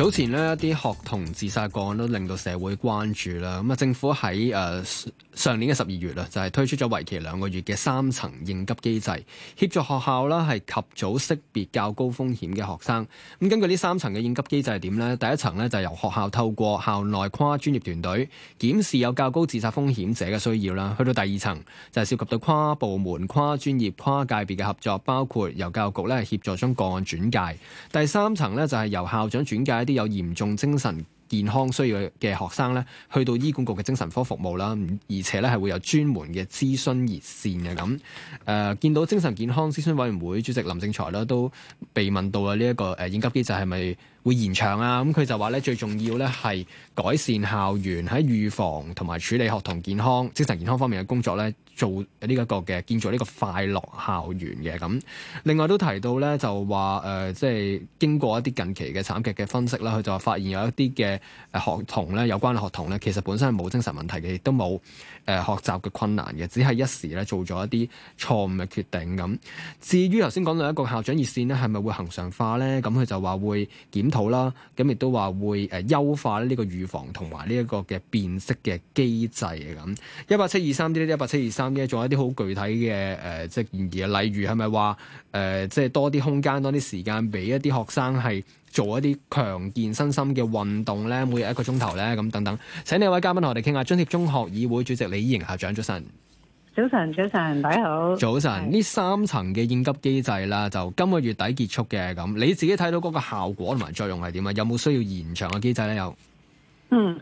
早前呢，一啲學童自殺個案都令到社會關注啦。咁啊，政府喺誒、呃、上年嘅十二月啦，就係、是、推出咗為期兩個月嘅三層應急機制，協助學校啦係及早識別較高風險嘅學生。咁根據呢三層嘅應急機制係點呢？第一層呢就係由學校透過校內跨專業團隊檢視有較高自殺風險者嘅需要啦。去到第二層就係、是、涉及到跨部門、跨專業、跨界別嘅合作，包括由教育局咧協助將個案轉介。第三層呢，就係由校長轉介。有嚴重精神健康需要嘅學生咧，去到醫管局嘅精神科服務啦，而且咧係會有專門嘅諮詢熱線嘅咁。誒、呃，見到精神健康諮詢委員會主席林正財啦，都被問到啊、這個，呢一個誒應急機制係咪？會延長啊！咁佢就話咧，最重要咧係改善校園喺預防同埋處理學童健康、精神健康方面嘅工作咧，做呢一個嘅建造呢個快樂校園嘅咁。另外都提到咧，就話誒，即係經過一啲近期嘅慘劇嘅分析啦，佢就發現有一啲嘅學童咧，有關嘅學童咧，其實本身係冇精神問題嘅，亦都冇誒學習嘅困難嘅，只係一時咧做咗一啲錯誤嘅決定咁。至於頭先講到一個校長熱線咧，係咪會恒常化咧？咁佢就話會檢討。好啦，咁亦都話會誒優化呢個預防同埋呢一個嘅辨識嘅機制咁，一八七二三啲咧，一八七二三嘅，仲有一啲好具體嘅誒即係建議啊，例如係咪話誒即係多啲空間多啲時間俾一啲學生係做一啲強健身心嘅運動呢？每日一個鐘頭呢？咁等等，請呢位嘉賓同我哋傾下津貼中學議會主席李伊瑩校長，早晨。早晨，早晨，大家好。早晨，呢三層嘅應急機制啦，就今個月底結束嘅。咁你自己睇到嗰個效果同埋作用係點啊？有冇需要延長嘅機制咧？有？嗯，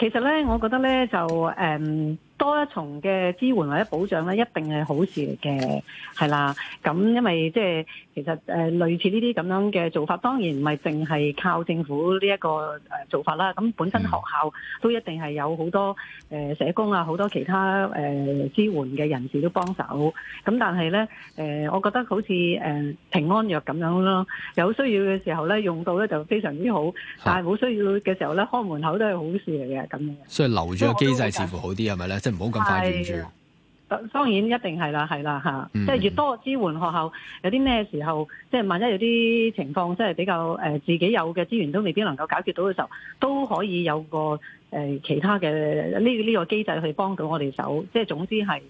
其實咧，我覺得咧，就誒。嗯多一重嘅支援或者保障咧，一定係好事嚟嘅，係啦。咁因為即係其實誒類似呢啲咁樣嘅做法，當然唔係淨係靠政府呢一個誒做法啦。咁本身學校都一定係有好多誒社工啊，好多其他誒支援嘅人士都幫手。咁但係咧誒，我覺得好似誒平安藥咁樣咯，有需要嘅時候咧用到咧就非常之好，好，但係冇需要嘅時候咧開門口都係好事嚟嘅咁樣。所以留咗個機制似乎好啲，係咪咧？唔好咁快斷，當然一定係啦，係啦嚇，即、嗯、係越多支援學校，有啲咩時候，即係萬一有啲情況，即係比較誒、呃、自己有嘅資源都未必能夠解決到嘅時候，都可以有個誒、呃、其他嘅呢呢個機制去幫到我哋手，即係總之係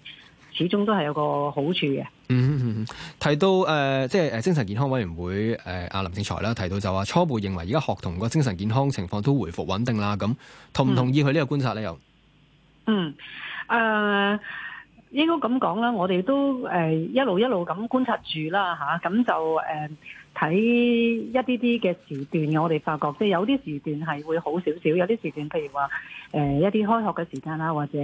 始終都係有個好處嘅、嗯嗯。嗯，提到誒、呃，即係誒精神健康委員會誒阿、呃、林正財啦，提到就話初步認為而家學童個精神健康情況都回復穩定啦，咁同唔同意佢呢個觀察咧？又嗯。嗯誒、uh, 應該咁講啦，我哋都、uh, 一路一路咁觀察住啦吓，咁、uh, 就、uh 喺一啲啲嘅時段我哋發覺即係有啲時段係會好少少，有啲時段譬如話誒、呃、一啲開學嘅時間啦，或者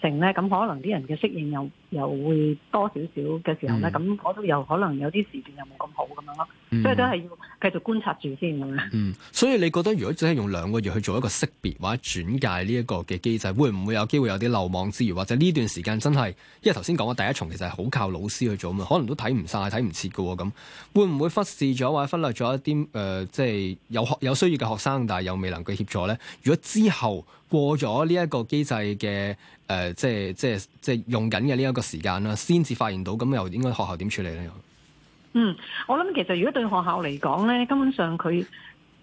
成咧，咁可能啲人嘅適應又又會多少少嘅時候咧，咁我都有可能有啲時段又冇咁好咁樣咯，所以都係要繼續觀察住先咁樣。嗯，所以你覺得如果只係用兩個月去做一個識別或者轉介呢一個嘅機制，會唔會有機會有啲漏網之魚，或者呢段時間真係因為頭先講嘅第一重其實係好靠老師去做嘛，可能都睇唔晒、睇唔切嘅喎，咁會唔會忽視咗或者忽略咗一啲誒、呃，即係有學有需要嘅學生，但係又未能嘅協助未能夠協助咧。如果之後過咗呢一個機制嘅誒、呃，即係即係即係用緊嘅呢一個時間啦，先至發現到，咁又應該學校點處理咧？嗯，我諗其實如果對學校嚟講咧，根本上佢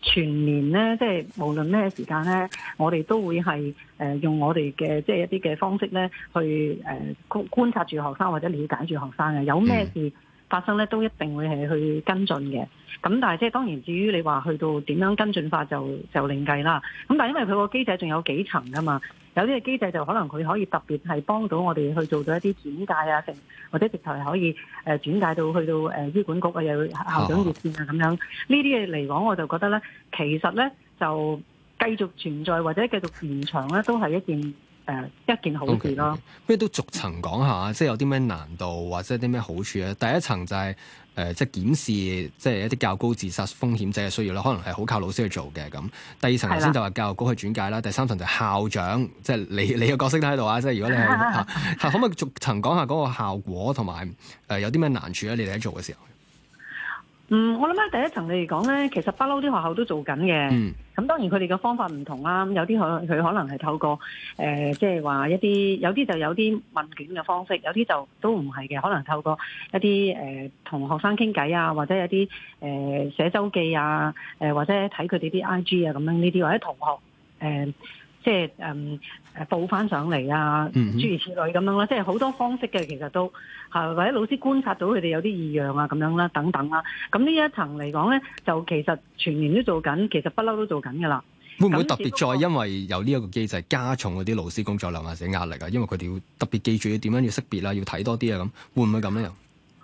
全年咧，即係無論咩時間咧，我哋都會係誒、呃、用我哋嘅即係一啲嘅方式咧，去、呃、誒觀察住學生或者瞭解住學生嘅，有咩事。嗯發生咧都一定會去跟進嘅，咁但係即係當然，至於你話去到點樣跟進法就就另計啦。咁但係因為佢個機制仲有幾層㗎嘛，有啲嘅機制就可能佢可以特別係幫到我哋去做到一啲轉介啊，或者直頭係可以誒轉介到去到誒醫管局啊，又去校長熱線啊咁樣。呢啲嘢嚟講，我就覺得咧，其實咧就繼續存在或者繼續延長咧，都係一件，誒、呃、一件好事咯，不、okay，如、okay。都逐層講下，即、就、係、是、有啲咩難度或者啲咩好處咧？第一層就係、是、誒，即、呃、係、就是、檢視，即、就、係、是、一啲較高自殺風險者嘅需要啦，可能係好靠老師去做嘅咁。第二層先就話教育局去轉介啦。第三層就係校長，即、就、係、是、你你嘅角色都喺度啊！即、就、係、是、如果你係 可唔可以逐層講下嗰個效果同埋誒有啲咩難處咧？你哋喺做嘅時候？嗯，我諗喺第一層嚟講咧，其實不嬲啲學校都做緊嘅。嗯咁當然佢哋嘅方法唔同啦、啊。有啲佢佢可能係透過誒，即係話一啲有啲就有啲問卷嘅方式，有啲就都唔係嘅，可能透過一啲誒同學生傾偈啊，或者一啲誒、呃、寫周記啊，誒、呃、或者睇佢哋啲 I G 啊咁樣呢啲，或者同學誒。呃即係誒誒，報翻上嚟啊，諸如此類咁樣啦，即係好多方式嘅，其實都係或者老師觀察到佢哋有啲異樣啊，咁樣啦，等等啦。咁呢一層嚟講咧，就其實全年都做緊，其實不嬲都做緊噶啦。會唔會特別再因為有呢一個機制加重嗰啲老師工作量或者壓力啊？因為佢哋要特別記住要點樣要識別啦，要睇多啲啊，咁會唔會咁咧？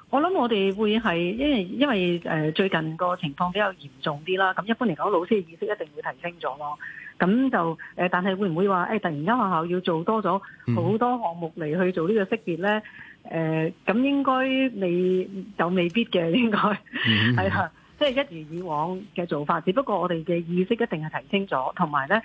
我諗我哋會係因為因為誒最近個情況比較嚴重啲啦，咁一般嚟講，老師嘅意識一定會提升咗咯咁就但係會唔會話誒、哎？突然間學校要做多咗好多項目嚟去做呢個識別咧？誒、呃，咁應該你就未必嘅，應該係即係一如以往嘅做法。只不過我哋嘅意識一定係提升咗，同埋咧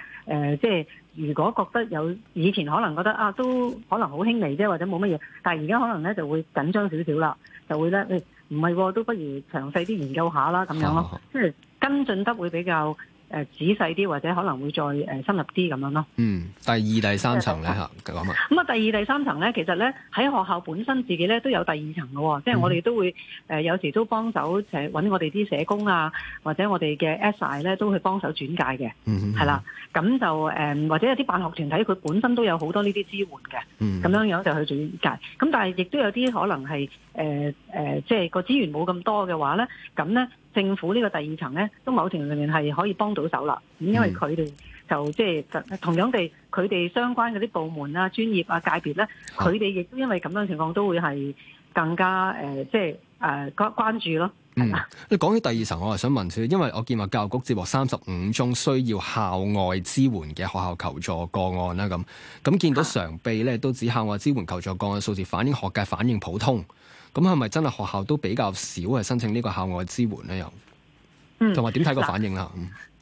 即係如果覺得有以前可能覺得啊，都可能好輕微啫，或者冇乜嘢，但係而家可能咧就會緊張少少啦，就會咧誒，唔、哎、係都不如詳細啲研究下啦，咁樣咯，即 係跟進得會比較。誒、呃、仔細啲，或者可能會再誒深入啲咁樣咯。嗯，第二第三層咧咁啊。咁、嗯、啊、嗯嗯，第二第三層咧，其實咧喺學校本身自己咧都有第二層嘅、哦，即係我哋都會誒、呃、有時都幫手搵我哋啲社工啊，或者我哋嘅 essay 咧都去幫手轉介嘅。嗯哼，哼。係啦，咁就誒、呃、或者有啲辦學團體佢本身都有好多呢啲支援嘅。嗯哼哼。咁樣樣就去轉介，咁但係亦都有啲可能係誒、呃呃、即係個資源冇咁多嘅話咧，咁咧。政府呢個第二層呢，都某程度上面係可以幫到手啦。咁因為佢哋就即係同樣地，佢哋相關嗰啲部門啊、專業啊界別呢，佢哋亦都因為咁樣的情況，都會係更加誒、呃、即係誒、呃、關注咯。嗯，你講起第二層，我係想問少少，因為我見話教育局接獲三十五宗需要校外支援嘅學校求助個案啦，咁咁見到常備咧都指校外支援求助個案數字反映學界反應普通，咁係咪真係學校都比較少係申請呢個校外支援咧？又嗯，同埋點睇個反應啦？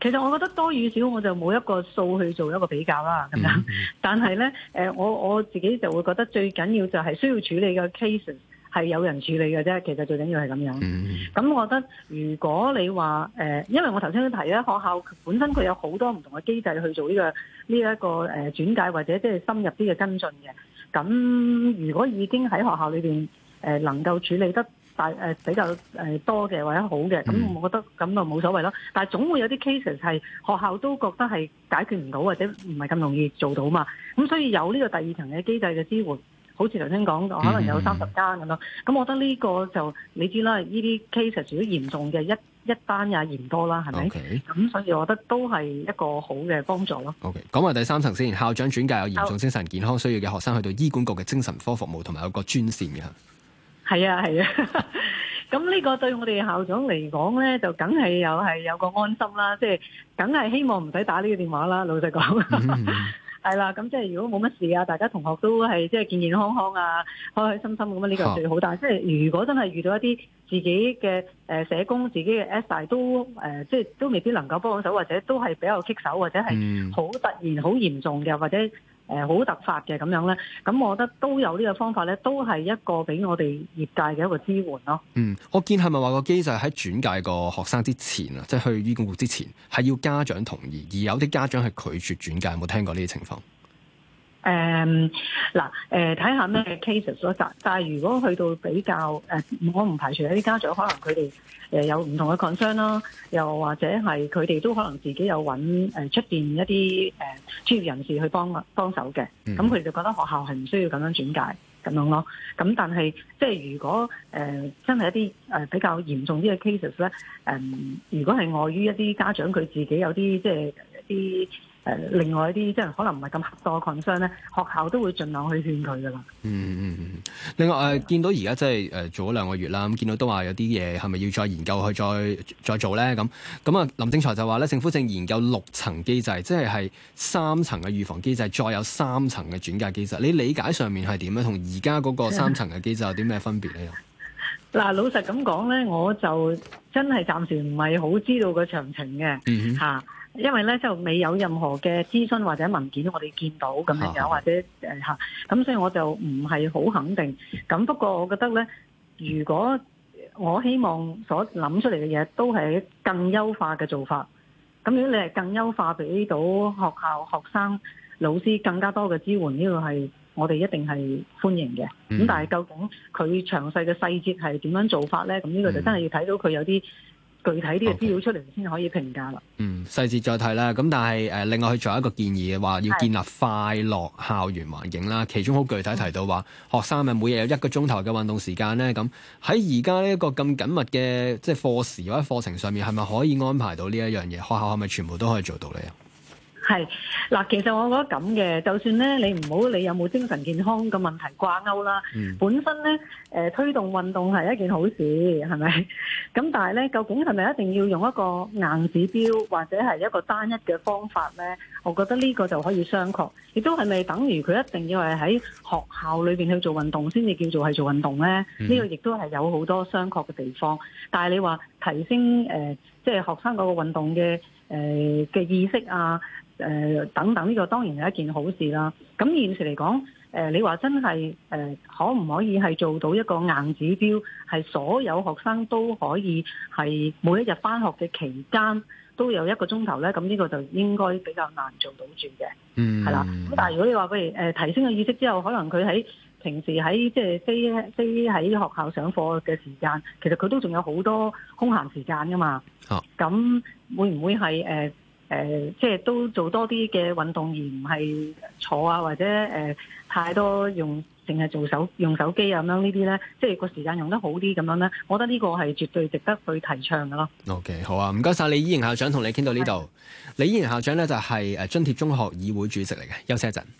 其實我覺得多與少，我就冇一個數去做一個比較啦。咁、嗯、但係咧，誒，我我自己就會覺得最緊要就係需要處理嘅 case。係有人處理嘅啫，其實最緊要係咁樣。咁、嗯、我覺得如果你話誒、呃，因為我頭先都提啦，學校本身佢有好多唔同嘅機制去做呢、呢個呢一、呢個誒、呃、轉介或者即係深入啲嘅跟進嘅。咁如果已經喺學校裏邊誒能夠處理得大誒、呃、比較誒多嘅或者好嘅，咁我覺得咁就冇所謂咯。但係總會有啲 cases 係學校都覺得係解決唔到或者唔係咁容易做到嘛。咁所以有呢個第二層嘅機制嘅支援。好似頭先講，可能有三十間咁咯。咁我覺得呢個就你知啦，呢啲 case 如果嚴重嘅一一單也嫌多啦，係咪？咁所以我覺得都係一個好嘅幫助咯。OK，講埋第三層先，校長轉介有嚴重精神健康需要嘅學生去到醫管局嘅精神科服務，同埋有個專線嘅。係啊，係啊。咁呢個對我哋校長嚟講咧，就梗係又係有個安心啦。即係梗係希望唔使打呢個電話啦。老實講。係啦，咁即係如果冇乜事啊，大家同學都係即係健健康康啊，開開心心咁樣，呢個最好。啊、但係即係如果真係遇到一啲自己嘅誒社工、自己嘅 at 大都誒，即、呃、係都未必能夠幫到手，或者都係比較棘手，或者係好突然、好嚴重嘅，或者。誒好突發嘅咁樣咧，咁我覺得都有呢個方法咧，都係一個俾我哋業界嘅一個支援咯。嗯，我見係咪話個機制喺轉介個學生之前啊，即、就、係、是、去醫管局之前係要家長同意，而有啲家長係拒絕轉介，有冇聽過呢啲情況？誒、um，嗱，誒睇下咩 cases 咯，但係如果去到比較誒、呃，我唔排除有啲家長可能佢哋誒有唔同嘅 concern 啦，又或者係佢哋都可能自己有搵誒、呃、出面一啲誒專業人士去幫幫手嘅，咁佢哋就覺得學校係唔需要咁樣轉介咁樣咯。咁但係即係如果誒、呃、真係一啲誒、呃、比較嚴重啲嘅 cases 咧，誒、呃、如果係礙於一啲家長佢自己有啲即係一啲。誒，另外一啲即係可能唔係咁合作嘅群商咧，學校都會盡量去勸佢㗎喇。嗯嗯嗯。另外誒、呃，見到而家即係誒做咗兩個月啦，咁見到都話有啲嘢係咪要再研究去再再做咧？咁咁啊，林正才就話咧，政府正研究六層機制，即係係三層嘅預防機制，再有三層嘅轉介機制。你理解上面係點咧？同而家嗰個三層嘅機制有啲咩分別咧？嗱，老實咁講呢，我就真係暫時唔係好知道個詳情嘅嚇、嗯，因為呢，就未有任何嘅諮詢或者文件我哋見到咁樣樣，或者誒咁、呃、所以我就唔係好肯定。咁不過我覺得呢，如果我希望所諗出嚟嘅嘢都係更優化嘅做法，咁如果你係更優化俾到學校學生老師更加多嘅支援，呢、呢個係。我哋一定係歡迎嘅，咁但係究竟佢詳細嘅細節係點樣做法呢？咁、嗯、呢、呢個就真係要睇到佢有啲具體啲嘅資料出嚟先可以評價啦。Okay. 嗯，細節再睇啦。咁但係誒、呃，另外佢仲有一個建議嘅話，要建立快樂校園環境啦。其中好具體提到話、嗯，學生啊每日有一個鐘頭嘅運動時間呢。咁喺而家呢一個咁緊密嘅即係課時或者課程上面，係咪可以安排到呢一樣嘢？學校係咪全部都可以做到咧？係嗱，其實我覺得咁嘅，就算咧你唔好你有冇精神健康嘅問題掛鈎啦，本身咧誒推動運動係一件好事，係咪？咁但係咧，究竟係咪一定要用一個硬指標或者係一個單一嘅方法咧？我覺得呢個就可以商榷。亦都係咪等於佢一定要係喺學校裏邊去做運動先至叫做係做運動咧？呢個亦都係有好多商榷嘅地方。但係你話提升誒，即係學生嗰個運動嘅。誒、呃、嘅意識啊，呃、等等呢、呢個當然係一件好事啦。咁現時嚟講、呃，你話真係、呃、可唔可以係做到一個硬指標，係所有學生都可以係每一日翻學嘅期間都有一個鐘頭咧？咁呢個就應該比較難做到住嘅。嗯，係啦。咁但係如果你話譬如提升嘅意識之後，可能佢喺平時喺即係飛飛喺學校上課嘅時間，其實佢都仲有好多空閒時間噶嘛。咁、啊、會唔會係誒誒，即係都做多啲嘅運動，而唔係坐啊，或者誒、呃、太多用，淨係做手用手機咁樣呢啲咧？即係個時間用得好啲咁樣咧，我覺得呢個係絕對值得去提倡噶咯。OK，好啊，唔該晒。李伊瑩校長同你傾到呢度。李伊瑩校長咧就係、是、誒津貼中學議會主席嚟嘅，休息一陣。